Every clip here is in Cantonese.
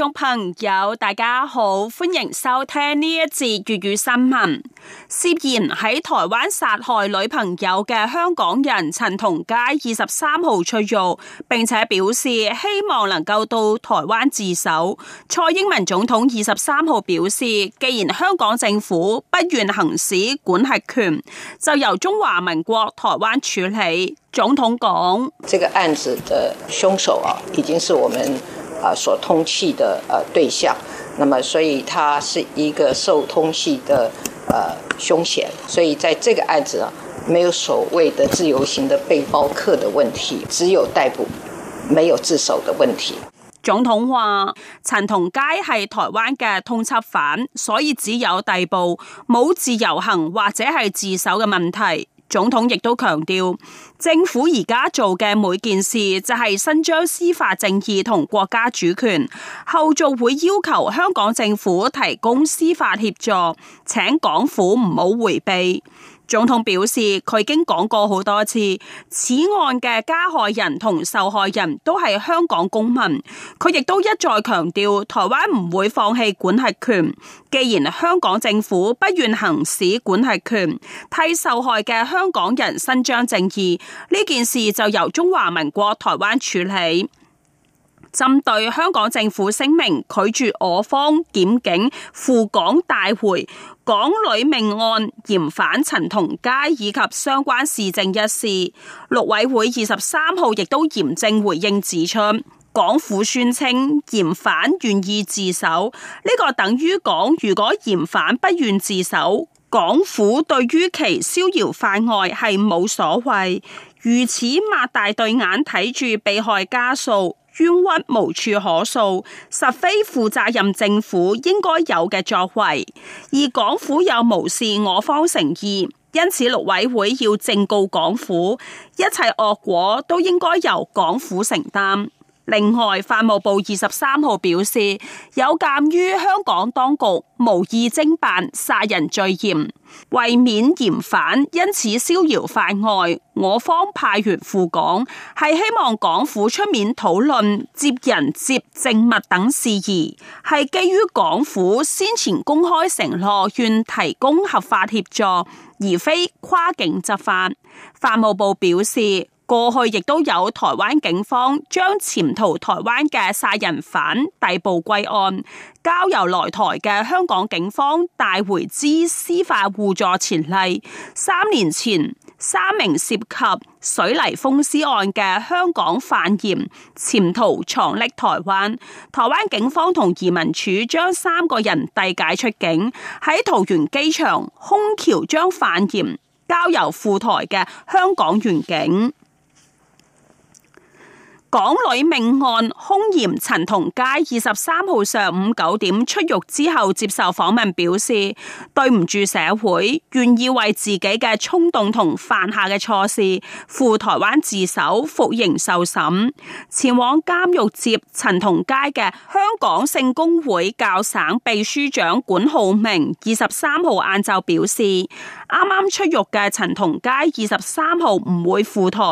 觀眾朋友，大家好，歡迎收聽呢一節粵語新聞。涉嫌喺台灣殺害女朋友嘅香港人陳同佳二十三號出獄，並且表示希望能夠到台灣自首。蔡英文總統二十三號表示，既然香港政府不願行使管轄權，就由中華民國台灣處理。總統講：這個案子的兇手啊，已經是我們。啊，所通緝的呃對象，那麼所以他是一個受通緝的呃凶嫌，所以在這個案子啊，沒有所謂的自由行的背包客的問題，只有逮捕，沒有自首的問題。總統話，陳同佳係台灣嘅通緝犯，所以只有逮捕，冇自由行或者係自首嘅問題。總統亦都強調，政府而家做嘅每件事就係伸張司法正義同國家主權，後續會要求香港政府提供司法協助，請港府唔好迴避。總統表示，佢已經講過好多次，此案嘅加害人同受害人都係香港公民。佢亦都一再強調，台灣唔會放棄管轄權。既然香港政府不願行使管轄權，替受害嘅香港人伸張正義，呢件事就由中華民國台灣處理。針對香港政府聲明拒絕我方檢警赴港帶回港女命案嫌犯陳同佳以及相關事證一事，陸委會二十三號亦都嚴正回應指出，港府宣稱嫌犯願意自首，呢、這個等於講，如果嫌犯不願自首，港府對於其逍遙法外係冇所謂，如此擘大對眼睇住被害家屬冤屈無處可訴，實非負責任政府應該有嘅作為。而港府又無視我方誠意，因此陸委會要正告港府，一切惡果都應該由港府承擔。另外，法務部二十三號表示，有鑒於香港當局無意偵辦殺人罪嫌，為免嫌犯因此逍遙法外，我方派員赴港，係希望港府出面討論接人、接證物等事宜，係基於港府先前公開承諾願提供合法協助，而非跨境執法。法務部表示。過去亦都有台灣警方將潛逃台灣嘅殺人犯逮捕歸案，交由來台嘅香港警方帶回之司法互助前例。三年前，三名涉及水泥封屍案嘅香港犯嫌潛逃藏匿台灣，台灣警方同移民署將三個人遞解出境，喺桃園機場空橋將犯嫌交由赴台嘅香港員警。港女命案凶嫌陳同佳二十三號上午九點出獄之後接受訪問，表示對唔住社會，願意為自己嘅衝動同犯下嘅錯事赴台灣自首服刑受審。前往監獄接陳同佳嘅香港聖公會教省秘書長管浩鳴二十三號晏晝表示，啱啱出獄嘅陳同佳二十三號唔會赴台，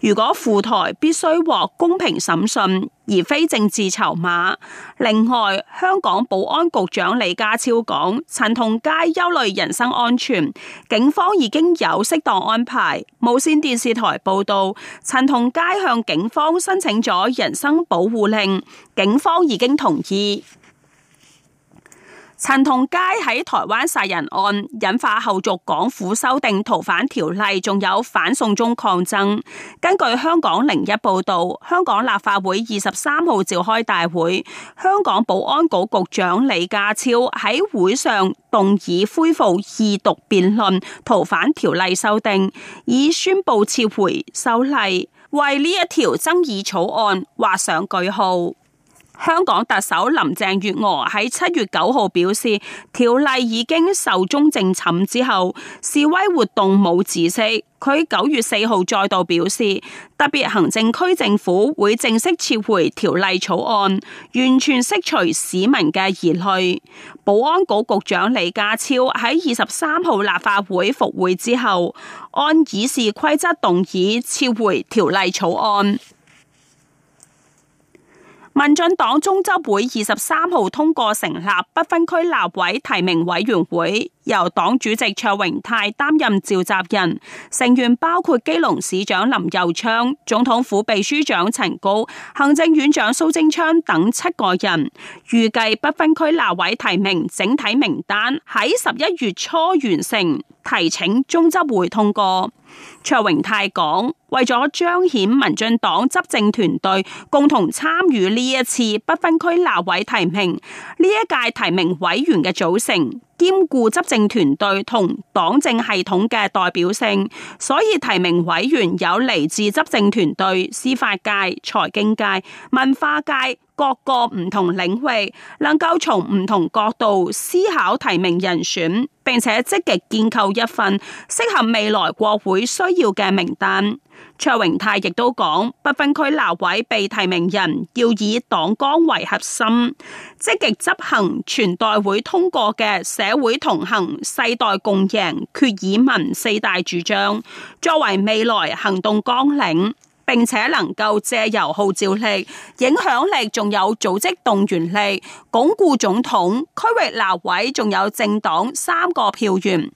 如果赴台必須獲公平審訊，而非政治籌碼。另外，香港保安局長李家超講，陳同佳憂慮人身安全，警方已經有適當安排。無線電視台報道，陳同佳向警方申請咗人身保護令，警方已經同意。陳同佳喺台灣殺人案引發後續港府修訂逃犯條例，仲有反送中抗爭。根據香港零一報道，香港立法會二十三號召開大會，香港保安局局長李家超喺會上動議恢復二讀辯論逃犯條例修訂，已宣布撤回修例，為呢一條爭議草案畫上句號。香港特首林鄭月娥喺七月九號表示條例已經壽終正寢之後，示威活動冇止息。佢九月四號再度表示，特別行政區政府會正式撤回條例草案，完全釋除市民嘅疑慮。保安局局長李家超喺二十三號立法會復會之後，按議事規則動議撤回條例草案。民進黨中執會二十三號通過成立不分區立委提名委員會。由黨主席卓榮泰擔任召集人，成員包括基隆市長林右昌、總統府秘書長陳高、行政院長蘇貞昌等七個人。預計不分區立委提名整體名單喺十一月初完成，提請中執會通過。卓榮泰講：為咗彰顯民進黨執政團隊共同參與呢一次不分區立委提名，呢一屆提名委員嘅組成。兼顧執政團隊同黨政系統嘅代表性，所以提名委員有嚟自執政團隊、司法界、財經界、文化界。各個唔同領域，能夠從唔同角度思考提名人選，並且積極建構一份適合未來國會需要嘅名單。卓榮泰亦都講，不分區立委被提名人要以黨綱為核心，積極執行全代會通過嘅社會同行、世代共贏、決議文四大主張，作為未來行動綱領。並且能夠借由號召力、影響力，仲有組織動員力，鞏固總統、區域立委，仲有政黨三個票源，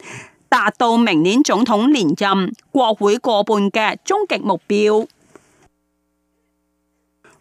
達到明年總統連任、國會過半嘅終極目標。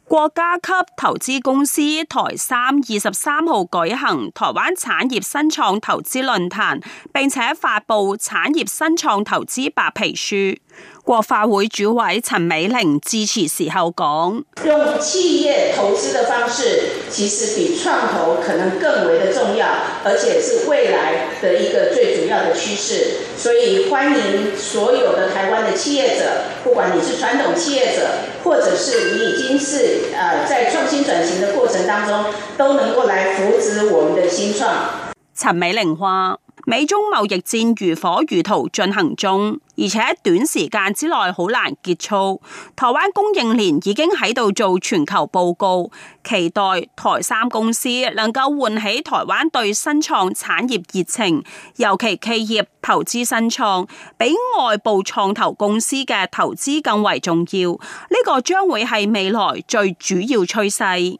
國家級投資公司台三二十三號舉行台灣產業新創投資論壇，並且發布產業新創投資白皮書。國發會主委陳美玲支持時候講：用企業投資的方式，其實比創投可能更為的重要，而且是未來的一個最主要的趨勢。所以歡迎所有的台灣的企業者，不管你是傳統企業者，或者是你已經是啊、呃、在創新轉型的過程當中，都能夠來扶植我們的新創。陳美玲話。美中貿易戰如火如荼進行中，而且短時間之內好難結束。台灣供應鏈已經喺度做全球報告，期待台三公司能夠喚起台灣對新創產業熱情，尤其企業投資新創比外部創投公司嘅投資更為重要。呢個將會係未來最主要趨勢。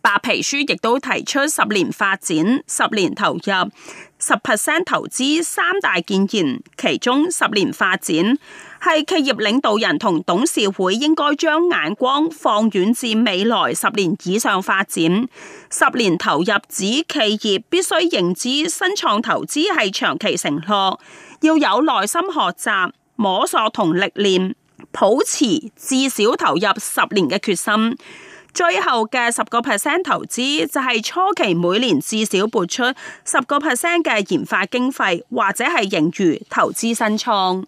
白皮書亦都提出十年發展，十年投入。十 percent 投資三大建言，其中十年發展係企業領導人同董事會應該將眼光放遠至未來十年以上發展。十年投入指企業必須認知新創投資係長期承諾，要有耐心學習、摸索同歷練，保持至少投入十年嘅決心。最後嘅十個 percent 投資就係、是、初期每年至少撥出十個 percent 嘅研發經費，或者係盈餘投資新創。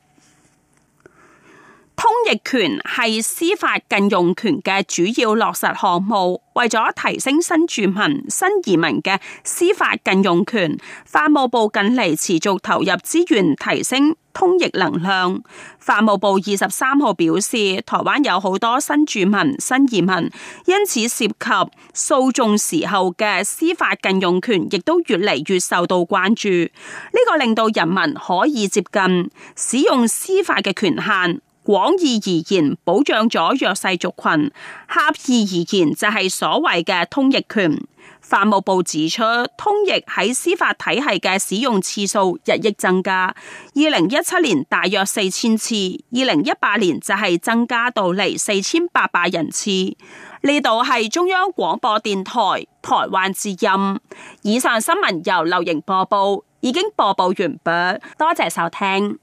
通譯權係司法近用權嘅主要落實項目，為咗提升新住民、新移民嘅司法近用權，法務部近嚟持續投入資源，提升通譯能量。法務部二十三號表示，台灣有好多新住民、新移民，因此涉及訴訟時候嘅司法近用權，亦都越嚟越受到關注。呢、這個令到人民可以接近使用司法嘅權限。廣義而言，保障咗弱勢族群；狹義而言就係所謂嘅通譯權。法務部指出，通譯喺司法體系嘅使用次數日益增加。二零一七年大約四千次，二零一八年就係增加到嚟四千八百人次。呢度係中央廣播電台台灣之音。以上新聞由劉瑩播報，已經播報完畢，多謝收聽。